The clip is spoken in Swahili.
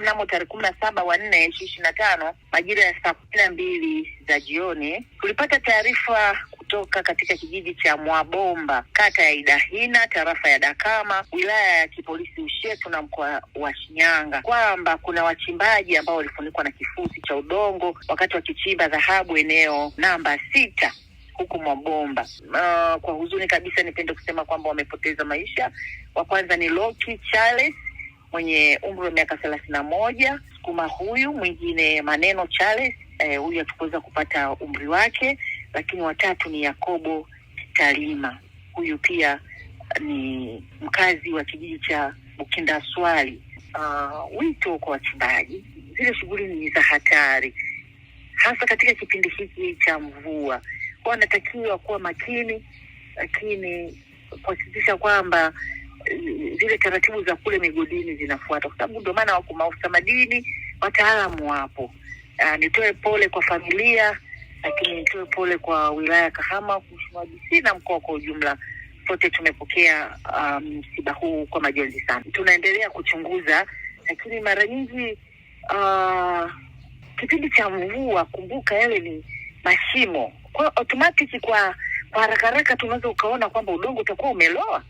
Mnamo tarehe kumi na saba wa nne ishirini na tano majira ya saa kumi na mbili za jioni tulipata taarifa kutoka katika kijiji cha Mwabomba kata ya Idahina tarafa ya Dakama wilaya ya kipolisi Ushetu na mkoa wa Shinyanga kwamba kuna wachimbaji ambao walifunikwa na kifusi cha udongo wakati wakichimba dhahabu eneo namba sita huku Mwabomba. Uh, kwa huzuni kabisa nipende kusema kwamba wamepoteza maisha. Wa kwanza ni Loki Charles mwenye umri wa miaka thelathini na moja Sukuma huyu mwingine Maneno Charles eh, huyu hatukuweza kupata umri wake, lakini watatu ni Yakobo talima huyu pia eh, ni mkazi wa kijiji cha Bukindaswali. Uh, wito kwa wachimbaji, zile shughuli ni za hatari, hasa katika kipindi hiki cha mvua, wanatakiwa kuwa makini, lakini kuhakikisha kwamba zile taratibu za kule migodini zinafuata kwa sababu ndio maana wako maafisa madini wataalamu wapo. Uh, nitoe pole kwa familia, lakini nitoe pole kwa wilaya ya Kahama, Mheshimiwa DC na mkoa kwa ujumla. Sote tumepokea ah, msiba um, huu kwa majonzi sana. Tunaendelea kuchunguza, lakini mara nyingi uh, kipindi cha mvua, kumbuka yale ni mashimo, kwa automatic, kwa kwa haraka haraka tunaweza ukaona kwamba udongo utakuwa umeloa